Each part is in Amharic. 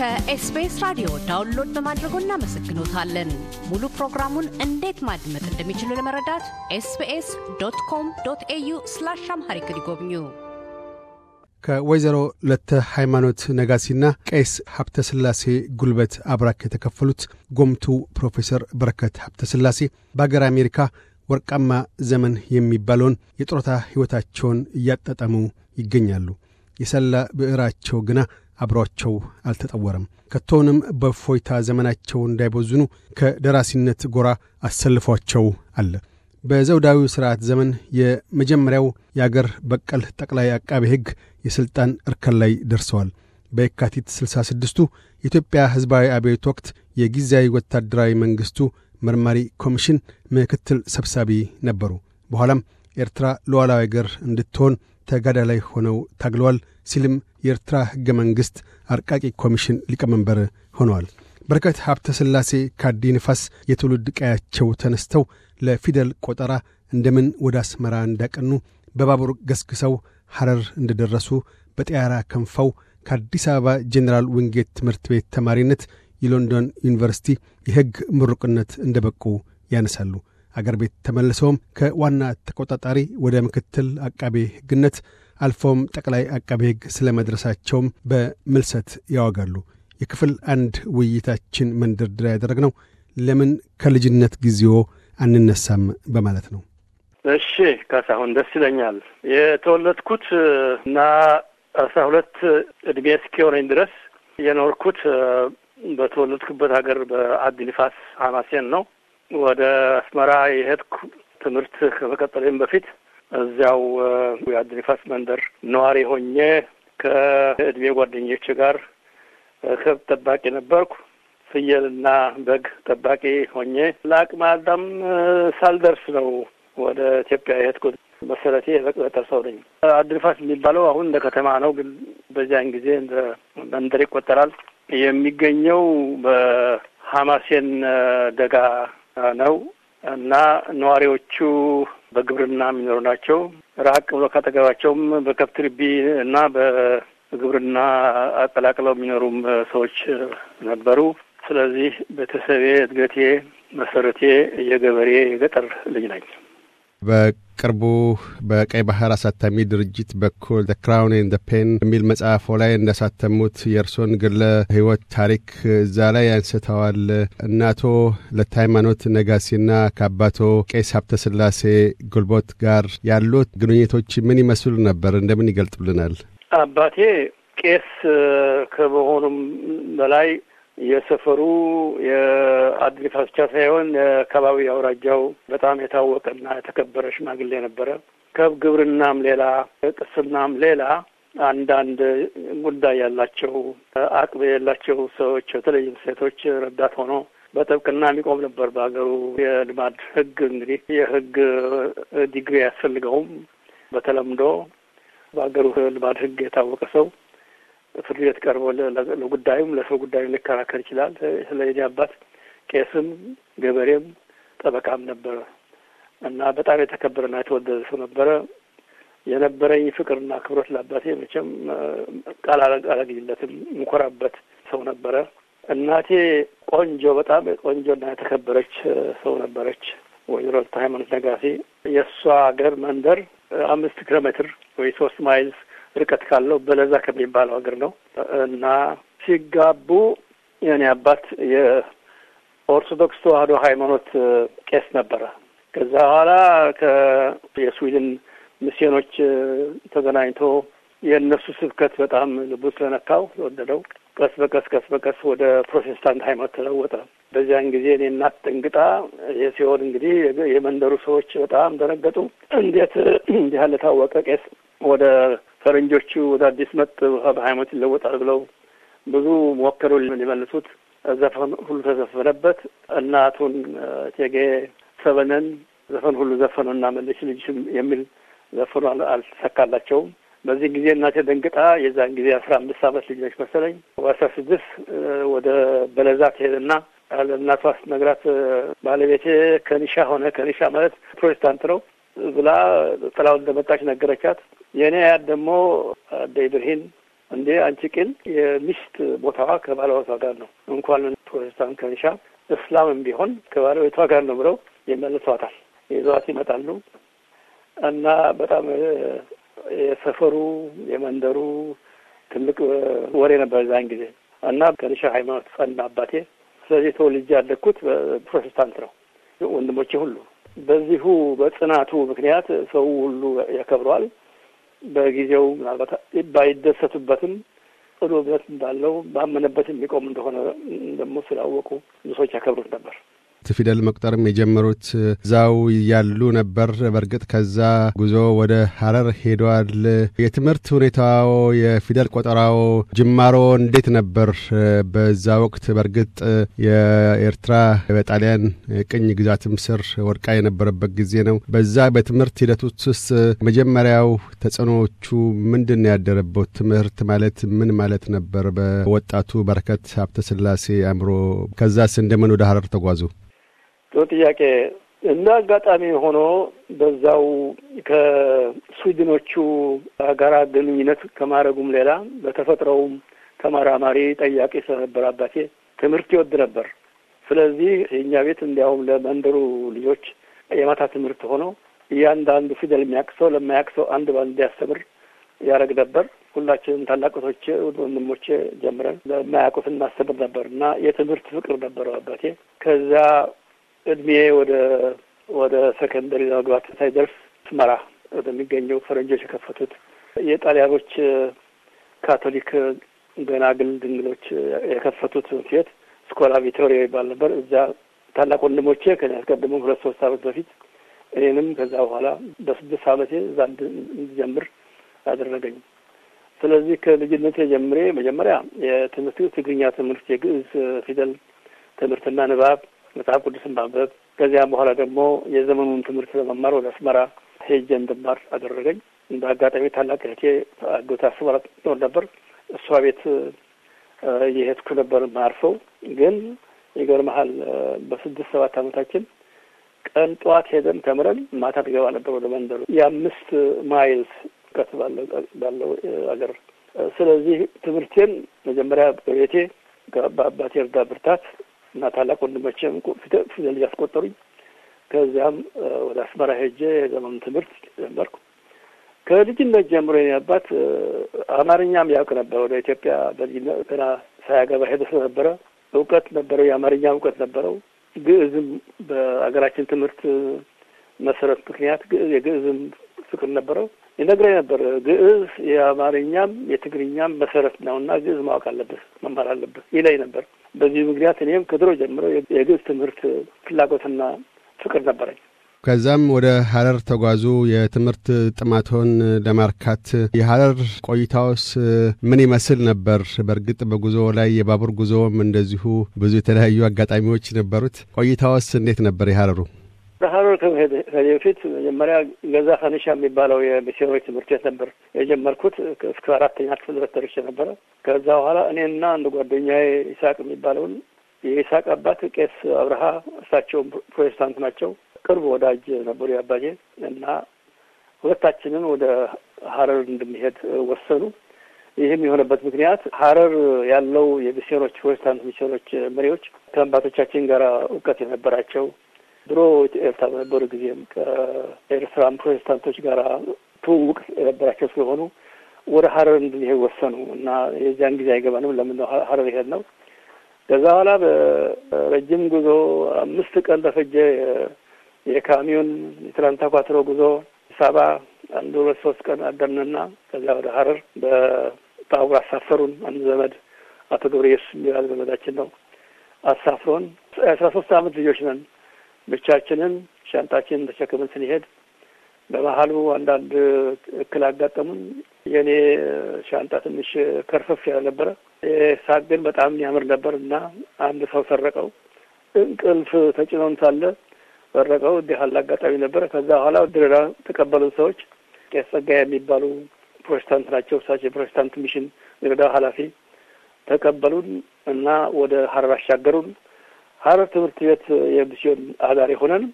ከኤስቢኤስ ራዲዮ ዳውንሎድ በማድረጎ እናመሰግኖታለን። ሙሉ ፕሮግራሙን እንዴት ማድመጥ እንደሚችሉ ለመረዳት ኤስቢኤስ ዶት ኮም ዶት ኤዩ ስላሽ አምሃሪክ ይጎብኙ። ከወይዘሮ ለተ ሃይማኖት ነጋሲና ቄስ ሀብተ ስላሴ ጉልበት አብራክ የተከፈሉት ጎምቱ ፕሮፌሰር በረከት ሀብተ ስላሴ በአገር አሜሪካ ወርቃማ ዘመን የሚባለውን የጡረታ ሕይወታቸውን እያጣጠሙ ይገኛሉ። የሰላ ብዕራቸው ግና አብሯቸው አልተጠወረም። ከቶውንም በእፎይታ ዘመናቸው እንዳይቦዝኑ ከደራሲነት ጎራ አሰልፏቸው አለ። በዘውዳዊ ሥርዓት ዘመን የመጀመሪያው የአገር በቀል ጠቅላይ አቃቤ ሕግ የሥልጣን እርከን ላይ ደርሰዋል። በየካቲት 66 ስድስቱ የኢትዮጵያ ሕዝባዊ አብዮት ወቅት የጊዜያዊ ወታደራዊ መንግሥቱ መርማሪ ኮሚሽን ምክትል ሰብሳቢ ነበሩ። በኋላም ኤርትራ ሉዓላዊ አገር እንድትሆን ተጋዳላይ ሆነው ታግለዋል ሲልም የኤርትራ ሕገ መንግሥት አርቃቂ ኮሚሽን ሊቀመንበር ሆነዋል። በረከት ሀብተ ሥላሴ ካዲ ንፋስ የትውልድ ቀያቸው ተነስተው ለፊደል ቆጠራ እንደምን ወደ አስመራ እንዳቀኑ በባቡር ገስግሰው ሐረር እንደደረሱ በጠያራ ከንፈው ከአዲስ አበባ ጄኔራል ዊንጌት ትምህርት ቤት ተማሪነት የሎንዶን ዩኒቨርሲቲ የሕግ ምሩቅነት እንደ በቁ ያነሳሉ። አገር ቤት ተመልሰውም ከዋና ተቆጣጣሪ ወደ ምክትል አቃቤ ሕግነት አልፎም ጠቅላይ አቃቤ ሕግ ስለ መድረሳቸውም በምልሰት ያወጋሉ። የክፍል አንድ ውይይታችን መንደርደሪያ ያደረግነው ለምን ከልጅነት ጊዜዎ አንነሳም በማለት ነው። እሺ ካሳሁን፣ ደስ ይለኛል። የተወለድኩት እና አስራ ሁለት እድሜ እስኪሆነኝ ድረስ የኖርኩት በተወለድኩበት ሀገር በአዲግፋስ አማሴን ነው። ወደ አስመራ የሄድኩ ትምህርት ከመቀጠልም በፊት እዚያው የአዲ የአድሪፋስ መንደር ነዋሪ ሆኜ ከእድሜ ጓደኞች ጋር ከብት ጠባቂ ነበርኩ። ፍየልና በግ ጠባቂ ሆኜ ለአቅመ አዳም ሳልደርስ ነው ወደ ኢትዮጵያ የሄድኩት። መሰረቴ የበቅበጠር ሰው ነኝ። አድሪፋስ የሚባለው አሁን እንደ ከተማ ነው፣ ግን በዚያን ጊዜ እንደ መንደር ይቆጠራል። የሚገኘው በሀማሴን ደጋ ነው እና ነዋሪዎቹ በግብርና የሚኖሩ ናቸው። ራቅ ብሎ ካጠገባቸውም በከብት ርቢ እና በግብርና አቀላቅለው የሚኖሩም ሰዎች ነበሩ። ስለዚህ ቤተሰቤ እድገቴ መሰረቴ የገበሬ የገጠር ልጅ ነኝ። በቅርቡ በቀይ ባህር አሳታሚ ድርጅት በኩል ክራውን ኤንድ ፔን የሚል መጽሐፎ ላይ እንዳሳተሙት የእርሶን ግለ ህይወት ታሪክ እዛ ላይ አንስተዋል። እናቶ ለታይማኖት ነጋሲና ከአባቶ ቄስ ሀብተ ስላሴ ጉልቦት ጋር ያሉት ግንኙነቶች ምን ይመስሉ ነበር? እንደምን ይገልጡልናል? አባቴ ቄስ ከመሆኑም በላይ የሰፈሩ የአድሪ ፋስ ሳይሆን የአካባቢ አውራጃው በጣም የታወቀና የተከበረ ሽማግሌ ነበረ። ከግብርናም ሌላ ቅስናም ሌላ አንዳንድ ጉዳይ ያላቸው አቅም የላቸው ሰዎች በተለይም ሴቶች ረዳት ሆኖ በጥብቅና የሚቆም ነበር። በሀገሩ የልማድ ህግ እንግዲህ የህግ ዲግሪ አያስፈልገውም። በተለምዶ በሀገሩ ልማድ ህግ የታወቀ ሰው ፍርድ ቤት ቀርቦ ለጉዳዩም ለሰው ጉዳዩ ሊከራከር ይችላል። ስለ የኔ አባት ቄስም ገበሬም ጠበቃም ነበረ እና በጣም የተከበረና የተወደደ ሰው ነበረ። የነበረኝ ፍቅርና ክብሮት ለአባቴ መቼም ቃል አላገኝለትም። ምኮራበት ሰው ነበረ። እናቴ ቆንጆ፣ በጣም ቆንጆና የተከበረች ሰው ነበረች። ወይዘሮ ሃይማኖት ነጋሴ የእሷ ሀገር መንደር አምስት ኪሎ ሜትር ወይ ሶስት ማይልስ ርቀት ካለው በለዛ ከሚባለው ሀገር ነው እና ሲጋቡ የኔ አባት የኦርቶዶክስ ተዋህዶ ሃይማኖት ቄስ ነበረ። ከዛ በኋላ ከየስዊድን ሚስዮኖች ተገናኝቶ የእነሱ ስብከት በጣም ልቡ ስለነካው ወደደው። ቀስ በቀስ ቀስ በቀስ ወደ ፕሮቴስታንት ሃይማኖት ተለወጠ። በዚያን ጊዜ እኔ እናት ደንግጣ የሲሆን እንግዲህ የመንደሩ ሰዎች በጣም ደነገጡ። እንዴት እንዲህ ያለ ታወቀ ቄስ ወደ ፈረንጆቹ ወደ አዲስ መጥ ውሃ በሃይማኖት ይለወጣል ብለው ብዙ ሞከሩ ሊመልሱት። ዘፈን ሁሉ ተዘፈነበት። እናቱን ቴጌ ሰበነን ዘፈን ሁሉ ዘፈኑ እና መለሽ ልጅሽም የሚል ዘፈኑ አልተሳካላቸውም። በዚህ ጊዜ እናቴ ደንግጣ የዛን ጊዜ አስራ አምስት ዓመት ልጅ ነች መሰለኝ በአስራ ስድስት ወደ በለዛ ትሄድና ለእናቷ ስትነግራት ባለቤቴ ከኒሻ ሆነ። ከኒሻ ማለት ፕሮቴስታንት ነው ብላ ጥላው እንደመጣች ነገረቻት። የእኔ አያት ደግሞ አደ ብርሂን እንዴ አንቺ ቅን የሚስት ቦታዋ ከባለቤቷ ጋር ነው፣ እንኳን ፕሮቴስታንት ከንሻ እስላምም ቢሆን ከባለቤቷ ጋር ነው ብለው ይመልሰዋታል። ይዟት ይመጣሉ እና በጣም የሰፈሩ የመንደሩ ትልቅ ወሬ ነበር ዛን ጊዜ እና ከንሻ ሃይማኖት ጸና አባቴ። ስለዚህ ተወልጄ ያደግኩት ፕሮቴስታንት ነው ወንድሞቼ ሁሉ በዚሁ በጽናቱ ምክንያት ሰው ሁሉ ያከብረዋል። በጊዜው ምናልባት ባይደሰቱበትም ጽኑ እምነት እንዳለው ባመነበት የሚቆም እንደሆነ ደግሞ ስላወቁ ሰዎች ያከብሩት ነበር። ፊደል መቁጠርም የጀመሩት እዛው ያሉ ነበር። በእርግጥ ከዛ ጉዞ ወደ ሀረር ሄደዋል። የትምህርት ሁኔታው የፊደል ቆጠራዎ ጅማሮ እንዴት ነበር በዛ ወቅት? በእርግጥ የኤርትራ በጣሊያን ቅኝ ግዛትም ስር ወድቃ የነበረበት ጊዜ ነው። በዛ በትምህርት ሂደት ውስጥ መጀመሪያው ተጽዕኖዎቹ ምንድን ነው ያደረበት? ትምህርት ማለት ምን ማለት ነበር በወጣቱ በረከት ሀብተ ስላሴ አእምሮ? ከዛስ እንደምን ወደ ሀረር ተጓዙ? ጥሩ ጥያቄ። እንደ አጋጣሚ ሆኖ በዛው ከስዊድኖቹ ጋር ግንኙነት ከማድረጉም ሌላ በተፈጥሮውም ተመራማሪ ጠያቂ ስለነበር አባቴ ትምህርት ይወድ ነበር። ስለዚህ የእኛ ቤት እንዲያውም ለመንደሩ ልጆች የማታ ትምህርት ሆኖ እያንዳንዱ ፊደል የሚያቅሰው ለማያቅሰው አንድ ባንድ እንዲያስተምር ያደረግ ነበር። ሁላችንም ታላቆቶቼ ወንድሞቼ ጀምረን ለማያውቁት እናስተምር ነበር እና የትምህርት ፍቅር ነበረው አባቴ። ከዚያ እድሜ ወደ ወደ ሰከንደሪ ለመግባት ሳይደርስ ስመራ ወደሚገኘው ፈረንጆች የከፈቱት የጣሊያኖች ካቶሊክ ገና ግል ድንግሎች የከፈቱት ሴት ስኮላ ቪቶሪያ ይባል ነበር። እዛ ታላቅ ወንድሞቼ ከኔ አስቀድሞ ሁለት ሶስት አመት በፊት እኔንም ከዛ በኋላ በስድስት አመቴ እዛ እንድጀምር አደረገኝ። ስለዚህ ከልጅነት ጀምሬ መጀመሪያ የትምህርት ትግርኛ ትምህርት የግዕዝ ፊደል ትምህርትና ንባብ መጽሐፍ ቅዱስን ማንበብ ከዚያ በኋላ ደግሞ የዘመኑን ትምህርት ለመማር ወደ አስመራ ሄጄ እንድማር አደረገኝ። እንደ አጋጣሚ ታላቅ እህቴ አዶታ አስመራ ኖር ነበር። እሷ ቤት የሄድኩ ነበር ማርፈው። ግን ይገርመሃል በስድስት ሰባት አመታችን ቀን ጠዋት ሄደን ተምረን ማታ ትገባ ነበር ወደ መንደሩ የአምስት ማይልስ ቀት ባለው አገር። ስለዚህ ትምህርቴን መጀመሪያ በቤቴ በአባቴ እርዳ ብርታት እና ታላቅ ወንድሞቼም ፊደል እያስቆጠሩኝ ከዚያም ወደ አስመራ ሄጄ የዘመኑ ትምህርት ጀመርኩ። ከልጅነት ጀምሮ የኔ አባት አማርኛም ያውቅ ነበር። ወደ ኢትዮጵያ በልጅነት ገና ሳያገባ ሄደ ስለነበረ እውቀት ነበረው፣ የአማርኛ እውቀት ነበረው። ግዕዝም በአገራችን ትምህርት መሰረት ምክንያት የግዕዝም ፍቅር ነበረው። ይነግረኝ ነበር። ግዕዝ የአማርኛም የትግርኛም መሰረት ነው እና ግዕዝ ማወቅ አለብህ መማር አለብህ ይለኝ ነበር። በዚህ ምክንያት እኔም ከድሮ ጀምሮ የግዕዝ ትምህርት ፍላጎትና ፍቅር ነበረኝ። ከዛም ወደ ሀረር ተጓዙ። የትምህርት ጥማቶን ለማርካት የሀረር ቆይታውስ ምን ይመስል ነበር? በእርግጥ በጉዞ ላይ የባቡር ጉዞውም እንደዚሁ ብዙ የተለያዩ አጋጣሚዎች ነበሩት። ቆይታውስ እንዴት ነበር የሀረሩ? ለሀረር ከመሄድ በፊት መጀመሪያ ገዛ ሀኒሻ የሚባለው የሚስዮኖች ትምህርት ቤት ነበር የጀመርኩት። እስከ አራተኛ ክፍል ድረስ ደርሼ ነበረ። ከዛ በኋላ እኔና አንድ ጓደኛዬ ይስሐቅ የሚባለውን የይስሐቅ አባት ቄስ አብርሃ፣ እሳቸውም ፕሮቴስታንት ናቸው፣ ቅርብ ወዳጅ ነበሩ የአባቴ እና ሁለታችንን ወደ ሀረር እንድንሄድ ወሰኑ። ይህም የሆነበት ምክንያት ሀረር ያለው የሚስዮኖች ፕሮቴስታንት ሚስዮኖች መሪዎች ከአባቶቻችን ጋር እውቀት የነበራቸው ድሮ ኤርትራ በነበሩ ጊዜም ከኤርትራን ፕሮቴስታንቶች ጋር ትውውቅ የነበራቸው ስለሆኑ ወደ ሀረር እንድንሄድ ወሰኑ እና የዚያን ጊዜ አይገባንም ለምን ነው ሀረር ይሄድ ነው። ከዛ በኋላ በረጅም ጉዞ አምስት ቀን በፈጀ የካሚዮን የትላንት ተኳትሮ ጉዞ ሰባ አንድ ሁለት ሶስት ቀን አደርንና ከዚያ ወደ ሀረር በባቡር አሳፈሩን። አንድ ዘመድ አቶ ገብረ የሚባል ዘመዳችን ነው አሳፍሮን። አስራ ሶስት አመት ልጆች ነን ብቻችንን ሻንጣችንን ተሸክመን ስንሄድ በመሀሉ አንዳንድ እክል አጋጠሙን። የእኔ ሻንጣ ትንሽ ከርፈፍ ያለ ነበረ። ሳቅ ግን በጣም ያምር ነበር እና አንድ ሰው ሰረቀው። እንቅልፍ ተጭኖን ሳለ ሰረቀው። እንዲህ ያለ አጋጣሚ ነበረ። ከዛ በኋላ ድሬዳዋ ተቀበሉን ሰዎች። ቄስ ጸጋ የሚባሉ ፕሮቴስታንት ናቸው። እሳቸው የፕሮቴስታንት ሚሽን ድሬዳዋ ኃላፊ ተቀበሉን እና ወደ ሀረር አሻገሩን። ሀረር ትምህርት ቤት የሚስዮን አዳሪ ሆነን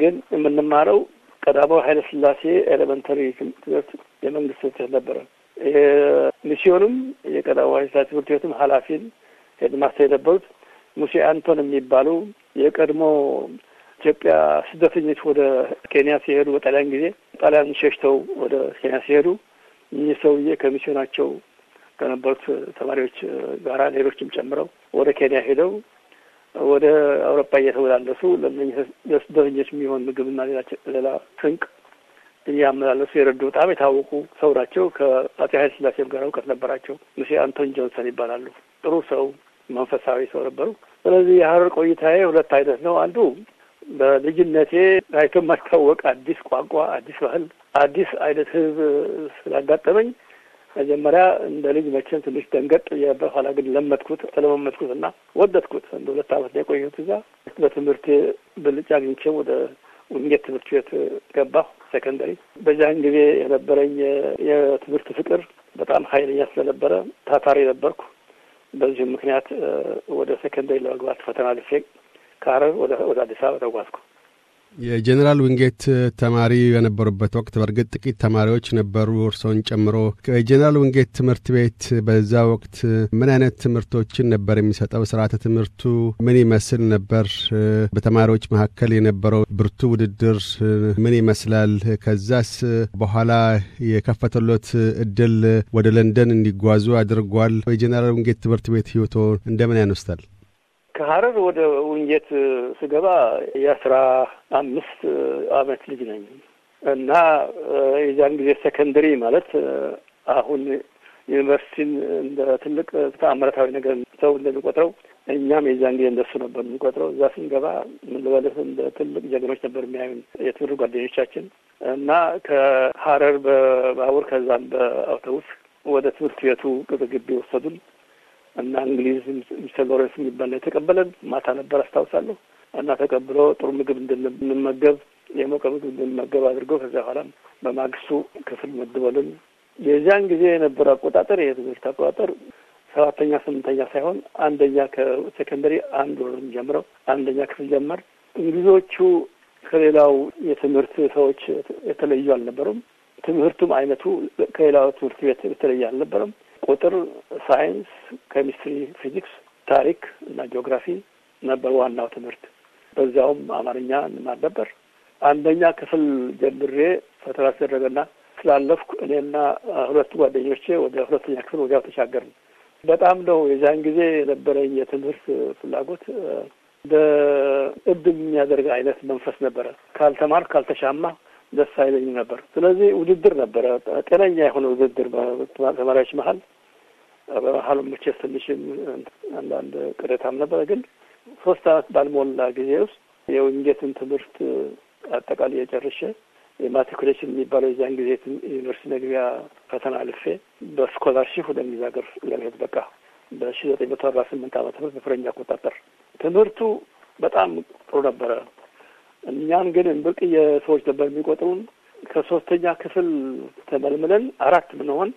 ግን የምንማረው ቀዳማዊ ኃይለ ስላሴ ኤሌመንተሪ ትምህርት የመንግስት ትምህርት ነበረ። የሚስዮንም የቀዳማዊ ኃይለ ሥላሴ ትምህርት ቤትም ኃላፊን ሄድማስተር የነበሩት ሙሴ አንቶን የሚባሉ የቀድሞ ኢትዮጵያ ስደተኞች ወደ ኬንያ ሲሄዱ በጣሊያን ጊዜ ጣሊያን ሸሽተው ወደ ኬንያ ሲሄዱ እኚህ ሰውዬ ከሚስዮናቸው ከነበሩት ተማሪዎች ጋራ ሌሎችም ጨምረው ወደ ኬንያ ሄደው ወደ አውሮፓ እየተመላለሱ ለስደተኞች የሚሆን ምግብና ሌላ ሌላ ስንቅ እያመላለሱ የረዱ በጣም የታወቁ ሰው ናቸው። ከአፄ ኃይለ ሥላሴም ጋር እውቀት ነበራቸው። ሙሴ አንቶን ጆንሰን ይባላሉ። ጥሩ ሰው፣ መንፈሳዊ ሰው ነበሩ። ስለዚህ የሀረር ቆይታዬ ሁለት አይነት ነው። አንዱ በልጅነቴ ታይቶ የማይታወቅ አዲስ ቋንቋ፣ አዲስ ባህል፣ አዲስ አይነት ህዝብ ስላጋጠመኝ መጀመሪያ እንደ ልጅ መቼም ትንሽ ደንገጥ በኋላ ግን ለመድኩት ተለመመድኩት እና ወደድኩት። እንደ ሁለት ዓመት ነው የቆየሁት እዛ። በትምህርት ብልጫ አግኝቼ ወደ ውንጌት ትምህርት ቤት ገባሁ ሴኮንደሪ። በዚያን ጊዜ የነበረኝ የትምህርት ፍቅር በጣም ኃይለኛ ስለነበረ ታታሪ ነበርኩ። በዚህም ምክንያት ወደ ሴኮንደሪ ለመግባት ፈተና ልፌ ከሀረር ወደ አዲስ አበባ ተጓዝኩ። የጀኔራል ዊንጌት ተማሪ በነበሩበት ወቅት በእርግጥ ጥቂት ተማሪዎች ነበሩ እርሶን ጨምሮ። የጀኔራል ዊንጌት ትምህርት ቤት በዛ ወቅት ምን አይነት ትምህርቶችን ነበር የሚሰጠው? ስርዓተ ትምህርቱ ምን ይመስል ነበር? በተማሪዎች መካከል የነበረው ብርቱ ውድድር ምን ይመስላል? ከዛስ በኋላ የከፈተሎት እድል ወደ ለንደን እንዲጓዙ አድርጓል። የጀኔራል ዊንጌት ትምህርት ቤት ህይወቶ እንደምን ያነስታል? ከሀረር ወደ ውንጌት ስገባ የአስራ አምስት አመት ልጅ ነኝ እና የዛን ጊዜ ሰከንደሪ ማለት አሁን ዩኒቨርሲቲን እንደ ትልቅ ተአምረታዊ ነገር ሰው እንደሚቆጥረው እኛም የዛን ጊዜ እንደሱ ነበር የምንቆጥረው። እዛ ስንገባ ምን ልበልህ እንደ ትልቅ ጀግኖች ነበር የሚያዩን የትምህርት ጓደኞቻችን እና ከሀረር በባቡር ከዛም በአውቶቡስ ወደ ትምህርት ቤቱ ቅጥር ግቢ ወሰዱን። እና እንግሊዝ ሚስተር ሎረንስ የሚባል ላይ ተቀበለን። ማታ ነበር አስታውሳለሁ። እና ተቀብሎ ጥሩ ምግብ እንድንመገብ የሞቀ ምግብ እንድንመገብ አድርገው ከዚያ በኋላ በማግስቱ ክፍል መድበልን። የዚያን ጊዜ የነበረ አቆጣጠር የትምህርት አቆጣጠር ሰባተኛ ስምንተኛ ሳይሆን አንደኛ ከሴኮንደሪ አንድ ወርም ጀምረው አንደኛ ክፍል ጀመር። እንግሊዞቹ ከሌላው የትምህርት ሰዎች የተለዩ አልነበሩም። ትምህርቱም አይነቱ ከሌላው ትምህርት ቤት የተለየ አልነበረም። ቁጥር፣ ሳይንስ፣ ኬሚስትሪ፣ ፊዚክስ፣ ታሪክ እና ጂኦግራፊ ነበር ዋናው ትምህርት። በዚያውም አማርኛ እንማር ነበር። አንደኛ ክፍል ጀምሬ ፈተና ተደረገና ስላለፍኩ እኔና ሁለት ጓደኞቼ ወደ ሁለተኛ ክፍል ወዲያው ተሻገርን። በጣም ነው የዚያን ጊዜ የነበረኝ የትምህርት ፍላጎት እንደ እብድ የሚያደርግ አይነት መንፈስ ነበረ። ካልተማር ካልተሻማ ደስ አይለኝም ነበር። ስለዚህ ውድድር ነበረ፣ ጤነኛ የሆነ ውድድር በተማሪዎች መሀል በመሀሉ መቼስ ትንሽም አንዳንድ ቅሬታም ነበረ። ግን ሶስት አመት ባልሞላ ጊዜ ውስጥ የውንጌትን ትምህርት አጠቃላይ የጨርሼ የማትሪኩሌሽን የሚባለው የዚያን ጊዜ ዩኒቨርሲቲ መግቢያ ፈተና አልፌ በስኮላርሺፕ ወደ እንግሊዝ ሀገር ለመሄድ በቃ በሺ ዘጠኝ መቶ አርባ ስምንት ዓመተ ምህረት በፈረንጅ አቆጣጠር ትምህርቱ በጣም ጥሩ ነበረ። እኛን ግን ብርቅዬ ሰዎች ነበር የሚቆጥሩን። ከሶስተኛ ክፍል ተመልምለን አራት ምንሆን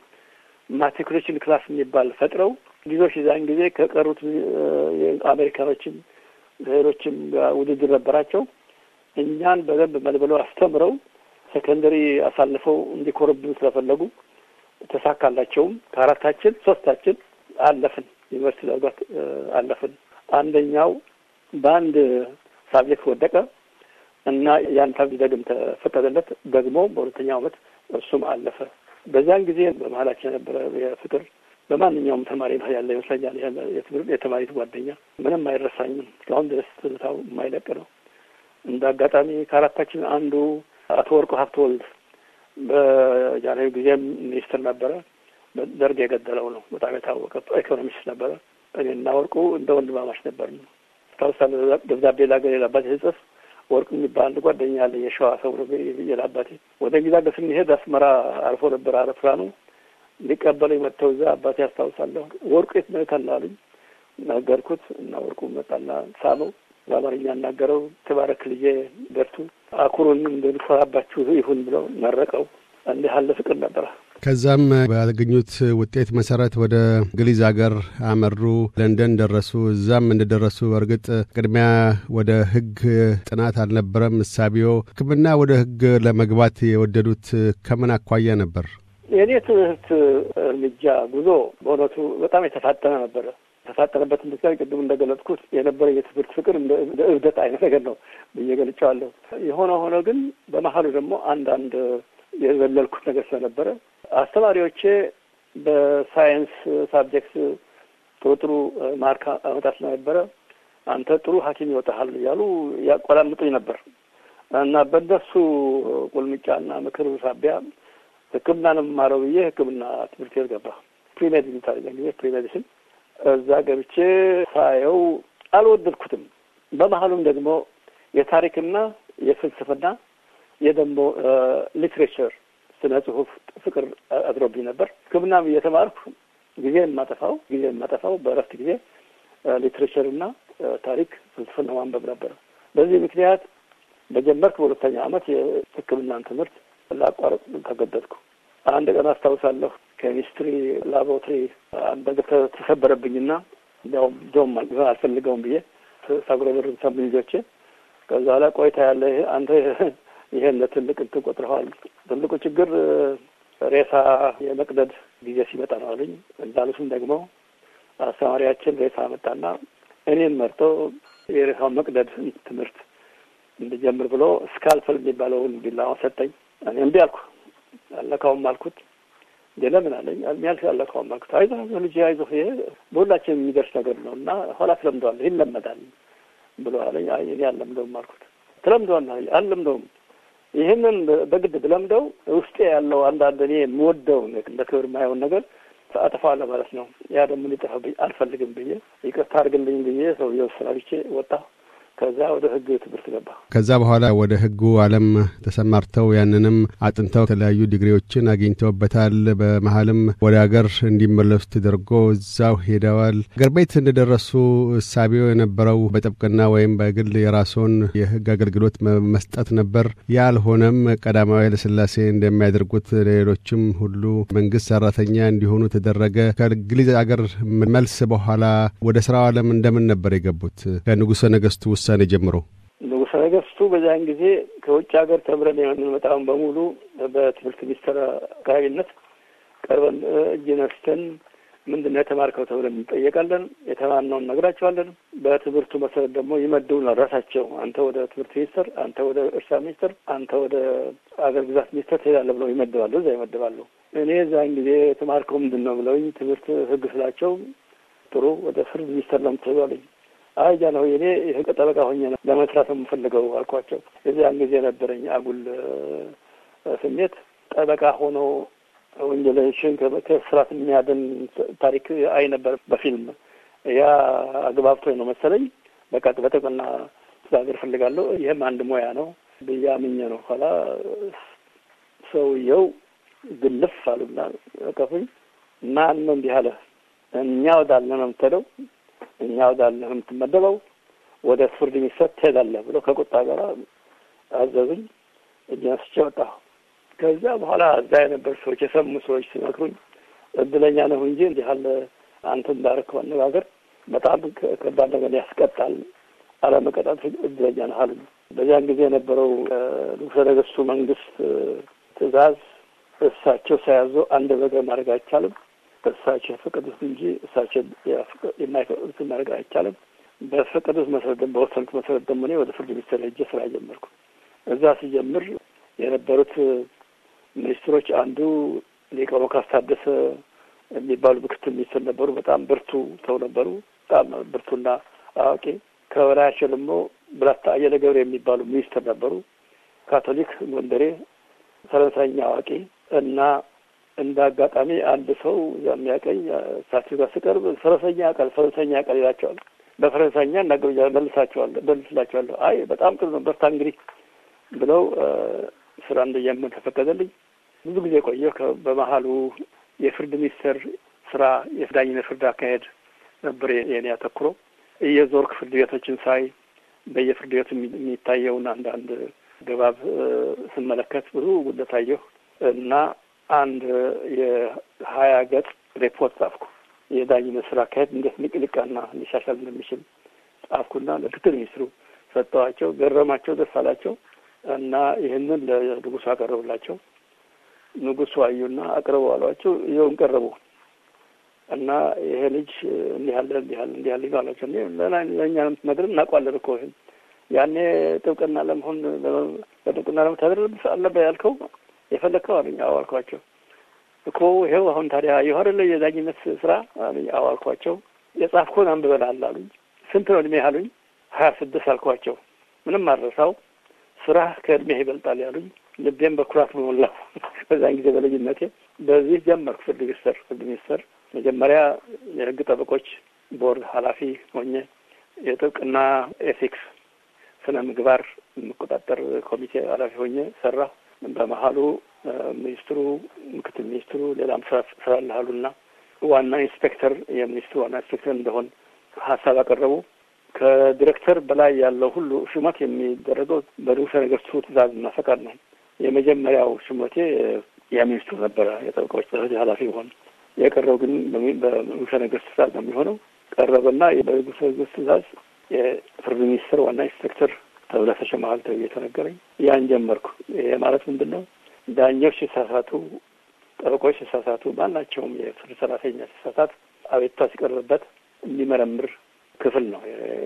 ማትሪኩሌሽን ክላስ የሚባል ፈጥረው ልጆች የዛን ጊዜ ከቀሩት አሜሪካኖችም ሌሎችም ውድድር ነበራቸው። እኛን በደንብ መልምለው አስተምረው ሴኮንደሪ አሳልፈው እንዲኮርብን ስለፈለጉ ተሳካላቸውም። ከአራታችን ሶስታችን አለፍን፣ ዩኒቨርሲቲ ለመግባት አለፍን። አንደኛው በአንድ ሳብጀክት ወደቀ እና ያን ሳብጀክት ደግም ተፈቀደለት። ደግሞ በሁለተኛው አመት እሱም አለፈ። በዛን ጊዜ በመሀላችን የነበረ የፍቅር በማንኛውም ተማሪ ያለ ይመስለኛል። የተማሪት ጓደኛ ምንም አይረሳኝም። እስካሁን ድረስ ትዝታው የማይለቅ ነው። እንደ አጋጣሚ ከአራታችን አንዱ አቶ ወርቁ ሀብተወልድ በጃንሆይ ጊዜ ሚኒስትር ነበረ። ደርግ የገደለው ነው። በጣም የታወቀ ኢኮኖሚስት ነበረ። እኔ እና ወርቁ እንደ ወንድማማች ነበር። ነው ታውሳለህ? ደብዳቤ ላገር የላባት ጽፍ ወርቅ የሚባል አንድ ጓደኛ አለ የሸዋ ሰው ነው ብዬል አባቴ ወደ ጊዛ ስንሄድ አስመራ አልፎ ነበር አውሮፕላኑ ሊቀበለኝ መጥተው እዛ አባቴ ያስታውሳለሁ ወርቁ የት ነው የታላሉኝ ነገርኩት እና ወርቁ መጣና ሳመው በአማርኛ እናገረው ትባረክ ልዬ በርቱ አኩሩን እንደንኮራባችሁ ይሁን ብለው መረቀው እንዲህ አለ ፍቅር ነበራ ከዛም ባገኙት ውጤት መሰረት ወደ እንግሊዝ ሀገር አመሩ። ለንደን ደረሱ። እዛም እንደደረሱ እርግጥ ቅድሚያ ወደ ህግ ጥናት አልነበረም እሳቢዮ። ሕክምና ወደ ህግ ለመግባት የወደዱት ከምን አኳያ ነበር? የእኔ ትምህርት እርምጃ ጉዞ በእውነቱ በጣም የተፋጠነ ነበረ። የተፋጠነበት ምክንያት ቅድም እንደገለጥኩት የነበረ የትምህርት ፍቅር እንደ እብደት አይነት ነገር ነው ብዬ ገልጫዋለሁ። የሆነ ሆነ ግን በመሀሉ ደግሞ አንዳንድ የዘለልኩት ነገር ስለነበረ አስተማሪዎቼ በሳይንስ ሳብጀክት ጥሩ ጥሩ ማርክ አመጣ ስለነበረ አንተ ጥሩ ሐኪም ይወጣሃል እያሉ ያቆላምጡኝ ነበር እና በእነሱ ቁልምጫና ምክር ሳቢያ ነው የምማረው ብዬ ሕክምና ትምህርት ቤት ገባ። ፕሪሜዲሲን ታደገ ጊዜ ፕሪሜዲሲን እዛ ገብቼ ሳየው አልወደድኩትም። በመሀሉም ደግሞ የታሪክና የፍልስፍና ይህ ደግሞ ሊትሬቸር ስነ ጽሁፍ ፍቅር አድሮብኝ ነበር። ሕክምና እየተማርኩ ጊዜ የማጠፋው ጊዜ የማጠፋው በእረፍት ጊዜ ሊትሬቸርና ታሪክ፣ ፍልስፍና ማንበብ ነበር። በዚህ ምክንያት በጀመርክ በሁለተኛ አመት የሕክምናን ትምህርት ላቋረጥ ተገደድኩ። አንድ ቀን አስታውሳለሁ ኬሚስትሪ ላቦራቶሪ አንደገ ተሰበረብኝና እንዲያውም ዶም አልፈልገውም ብዬ ሳጉረብር ሰሙኝ ልጆቼ። ከዛ ላይ ቆይታ ያለ አንተ ይሄ እንደ ትልቅ እንትን ቆጥረዋል። ትልቁ ችግር ሬሳ የመቅደድ ጊዜ ሲመጣ ነው አሉኝ። እንዳሉስም ደግሞ አስተማሪያችን ሬሳ መጣና እኔን መርጦ የሬሳውን መቅደድ ትምህርት እንድጀምር ብሎ ስካልፈል የሚባለውን ቢላዋ ሰጠኝ። እኔ እምቢ አልኩ። አለካውም አልኩት። ለምን አለኝ። የሚያልፍ አለካውም አልኩት። አይዞ ልጅ አይዞ፣ ይሄ በሁላችን የሚደርስ ነገር ነው እና ኋላ ትለምደዋለህ፣ ይለመዳል ብሎ አለኝ። አይ እኔ አልለምደውም አልኩት። ትለምደዋለህ፣ አልለምደውም ይህንን በግድ ብለምደው ውስጤ ያለው አንዳንድ እኔ የምወደው እንደ ክብር የማየውን ነገር አጠፋለሁ ማለት ነው። ያ ደግሞ ሊጠፋብኝ አልፈልግም ብዬ ይቅርታ አድርግልኝ ብዬ ሰውዬው ስራ ብቼ ወጣሁ። ከዛ ወደ ህግ ትምህርት ገባ። ከዛ በኋላ ወደ ህጉ አለም ተሰማርተው ያንንም አጥንተው የተለያዩ ዲግሪዎችን አግኝተውበታል። በመሀልም ወደ ሀገር እንዲመለሱ ተደርጎ እዛው ሄደዋል። አገር ቤት እንደደረሱ እሳቤው የነበረው በጥብቅና ወይም በግል የራስዎን የህግ አገልግሎት መስጠት ነበር። ያልሆነም ቀዳማዊ ለስላሴ እንደሚያደርጉት ለሌሎችም ሁሉ መንግስት ሰራተኛ እንዲሆኑ ተደረገ። ከእንግሊዝ አገር መልስ በኋላ ወደ ስራው አለም እንደምን ነበር የገቡት? ከንጉሰ ነገስቱ ውሳ ውሳኔ ጀምሮ? ንጉሰ ነገስቱ በዚያን ጊዜ ከውጭ ሀገር ተምረን የምንመጣውን በሙሉ በትምህርት ሚኒስቴር አካባቢነት ቀርበን እጅ ነስተን ምንድን ነው የተማርከው ተብለን እንጠየቃለን። የተማርነውን ነግራቸዋለን። በትምህርቱ መሰረት ደግሞ ይመድቡናል ራሳቸው። አንተ ወደ ትምህርት ሚኒስቴር፣ አንተ ወደ እርሻ ሚኒስቴር፣ አንተ ወደ አገር ግዛት ሚኒስቴር ትሄዳለህ ብለው ይመድባሉ። እዛ ይመድባሉ። እኔ እዛን ጊዜ የተማርከው ምንድን ነው ብለውኝ ትምህርት ህግ ስላቸው ጥሩ ወደ ፍርድ ሚኒስቴር ነው የምትሄዱ አለኝ። አይ እያለሁ የኔ የህግ ጠበቃ ሆኜ ነው ለመስራት የምፈልገው አልኳቸው። የዚያን ጊዜ ነበረኝ አጉል ስሜት ጠበቃ ሆኖ ወንጀለሽን ከስራት የሚያድን ታሪክ አይ ነበር በፊልም ያ አግባብቶ ነው መሰለኝ። በቃ በጥብቅና ሀገር ፈልጋለሁ ይህም አንድ ሙያ ነው ብዬ አምኜ ነው። ኋላ ሰውየው ግልፍ አሉና ቀፉኝ ማን ነው እንዲህ አለ እኛ ወዳለ ነው የምትሄደው እኛ ወዳለህ የምትመደበው ወደ ፍርድ የሚሰጥ ትሄዳለህ ብሎ ከቁጣ ጋር አዘዙኝ። እጅ አንስቼ ወጣሁ። ከዚያ በኋላ እዛ የነበሩ ሰዎች የሰሙ ሰዎች ሲመክሩኝ እድለኛ ነሁ እንጂ እንዲህ አለ አንተ እንዳርክ አነጋገር በጣም ከባድ ነገር ያስቀጣል፣ አለመቀጣት እድለኛ ነህ አሉኝ። በዚያን ጊዜ የነበረው ንጉሠ ነገሥቱ መንግስት ትእዛዝ እሳቸው ሳያዙ አንድ በገ ማድረግ አይቻልም። በእሳቸው ፍቅድ ውስጥ እንጂ እሳቸው የማይፈቅዱትን ማድረግ አይቻልም። በፍቅድ ውስጥ መሰረት ደግሞ በወሰንኩት መሰረት ደግሞ እኔ ወደ ፍርድ ሚኒስቴር ሄጄ ስራ ጀመርኩ። እዛ ሲጀምር የነበሩት ሚኒስትሮች አንዱ ሊቀ መኳንንት ታደሰ የሚባሉ ምክትል ሚኒስትር ነበሩ። በጣም ብርቱ ሰው ነበሩ። በጣም ብርቱና አዋቂ። ከበላያቸው ደግሞ ብላታ አየለ ገብረ የሚባሉ ሚኒስትር ነበሩ። ካቶሊክ ጎንደሬ፣ ፈረንሳይኛ አዋቂ እና እንደ አጋጣሚ አንድ ሰው የሚያቀኝ እሳቸው ጋር ስቀርብ ፈረሰኛ ያውቃል፣ ፈረሰኛ ያውቃል ይላቸዋል። በፈረንሳይኛ እናገሩጃ መልሳቸዋለሁ መልስላቸዋለሁ። አይ በጣም ጥሩ ነው በርታ እንግዲህ ብለው ስራ እንደጀመር ተፈቀደልኝ። ብዙ ጊዜ ቆየሁ። በመሀሉ የፍርድ ሚኒስቴር ስራ የዳኝነት ፍርድ አካሄድ ነበር የኔ ያተኩሮ የዞርክ ፍርድ ቤቶችን ሳይ በየፍርድ ቤቱ የሚታየውን አንዳንድ ግባብ ስመለከት ብዙ ጉዳታየሁ እና አንድ የሀያ ገጽ ሪፖርት ጻፍኩ። የዳኝነት ስራ አካሄድ እንዴት ንቅንቃና ሊሻሻል እንደሚችል ጻፍኩና ለምክትል ሚኒስትሩ ሰጠዋቸው። ገረማቸው፣ ደስ አላቸው እና ይህንን ለንጉሱ አቀረቡላቸው። ንጉሱ አዩና አቅርቡ አሏቸው። ይዘውን ቀረቡ እና ይሄ ልጅ እንዲህ ያለ እንዲህ ያለ እንዲህ ያለ አሏቸው። ለእኛ ነገር እናውቋለን እኮ ይህን ያኔ ጥብቅና ለመሆን በጥብቅና ለመታደር አለበት ያልከው የፈለግከው አሉኝ። አዎ አልኳቸው። እኮ ይኸው አሁን ታዲያ የሆነ የዳኝነት ስራ አሉኝ። አዎ አልኳቸው። የጻፍኩን አንብበናል አሉኝ። ስንት ነው እድሜ አሉኝ። ሀያ ስድስት አልኳቸው። ምንም አልረሳው። ስራ ከእድሜ ይበልጣል ያሉኝ ልቤም በኩራት በሞላው። በዛን ጊዜ በልጅነቴ በዚህ ጀመርኩ ፍርድ ሚኒስተር ፍርድ ሚኒስተር መጀመሪያ የህግ ጠበቆች ቦርድ ኃላፊ ሆኜ የጥብቅና ኤቲክስ ስነ ምግባር የምቆጣጠር ኮሚቴ ኃላፊ ሆኜ ሰራሁ። በመሀሉ ሚኒስትሩ፣ ምክትል ሚኒስትሩ ሌላም ስራ አለሃሉና ዋና ኢንስፔክተር የሚኒስትሩ ዋና ኢንስፔክተር እንደሆን ሀሳብ አቀረቡ። ከዲሬክተር በላይ ያለው ሁሉ ሹመት የሚደረገው በንጉሠ ነገሥቱ ትእዛዝ እና ፈቃድ ነው። የመጀመሪያው ሹመቴ የሚኒስትሩ ነበረ የጠበቃዎች ጽሕፈት ኃላፊ ሆን የቀረው ግን በንጉሠ ነገሥቱ ትእዛዝ ነው የሚሆነው። ቀረበና በንጉሠ ነገሥቱ ትእዛዝ የፍርድ ሚኒስትር ዋና ኢንስፔክተር ተብለ ተሸማሃል ተብዬ ተነገረኝ። ያን ጀመርኩ። ይሄ ማለት ምንድን ነው? ዳኞች ሲሳሳቱ፣ ጠበቆች ሲሳሳቱ፣ ማናቸውም የፍርድ ሰራተኛ ሲሳሳት አቤቱታ ሲቀርብበት የሚመረምር ክፍል ነው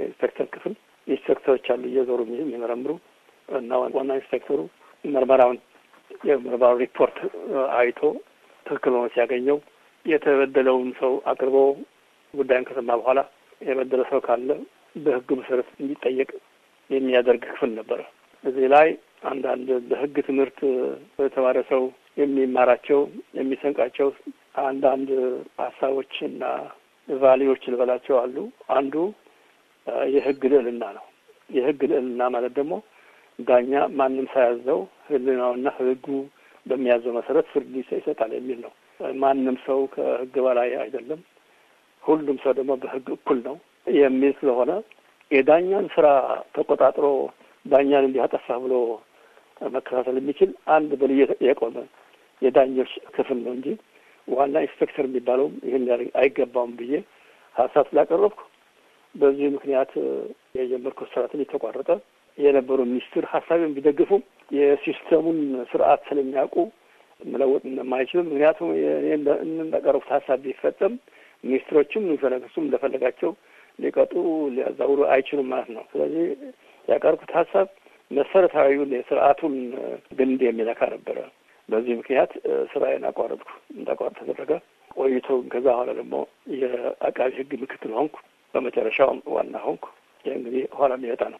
ኢንስፔክተር ክፍል። ኢንስፔክተሮች አሉ እየዞሩ የሚመረምሩ እና ዋና ኢንስፔክተሩ ምርመራውን የምርመራ ሪፖርት አይቶ ትክክል ሆኖ ሲያገኘው የተበደለውን ሰው አቅርቦ ጉዳዩን ከሰማ በኋላ የበደለ ሰው ካለ በህግ መሰረት እንዲጠየቅ የሚያደርግ ክፍል ነበረ። እዚህ ላይ አንዳንድ በህግ ትምህርት የተማረ ሰው የሚማራቸው የሚሰንቃቸው አንዳንድ ሀሳቦች እና ቫሊዎች ልበላቸው አሉ። አንዱ የህግ ልዕልና ነው። የህግ ልዕልና ማለት ደግሞ ዳኛ ማንም ሳያዘው ህልናውና ህጉ በሚያዘው መሰረት ፍርድ ይሰጣል የሚል ነው። ማንም ሰው ከህግ በላይ አይደለም፣ ሁሉም ሰው ደግሞ በህግ እኩል ነው የሚል ስለሆነ የዳኛን ስራ ተቆጣጥሮ ዳኛን እንዲህ አጠፋ ብሎ መከታተል የሚችል አንድ በልዩ የቆመ የዳኞች ክፍል ነው እንጂ ዋና ኢንስፔክተር የሚባለውም ይህን አይገባውም ብዬ ሀሳብ ስላቀረብኩ በዚህ ምክንያት የጀመርኩት ስራ ትንሽ ተቋረጠ። የነበሩ ሚኒስትር ሀሳቤን ቢደግፉም የሲስተሙን ስርዓት ስለሚያውቁ መለወጥ እንደማይችልም ምክንያቱም እንዳቀረቡት ሀሳብ ቢፈጸም ሚኒስትሮችም ፈለገሱም እንደፈለጋቸው ሊቀጡ ሊያዛውሩ አይችሉም ማለት ነው። ስለዚህ ያቀርኩት ሀሳብ መሰረታዊውን የስርዓቱን ግንድ የሚነካ ነበረ። በዚህ ምክንያት ስራዬን አቋረጥኩ። እንዳቋረጥ ተደረገ ቆይቶ ከዛ በኋላ ደግሞ የአቃቢ ሕግ ምክትል ሆንኩ። በመጨረሻውም ዋና ሆንኩ። ይህ እንግዲህ ኋላ የሚመጣ ነው።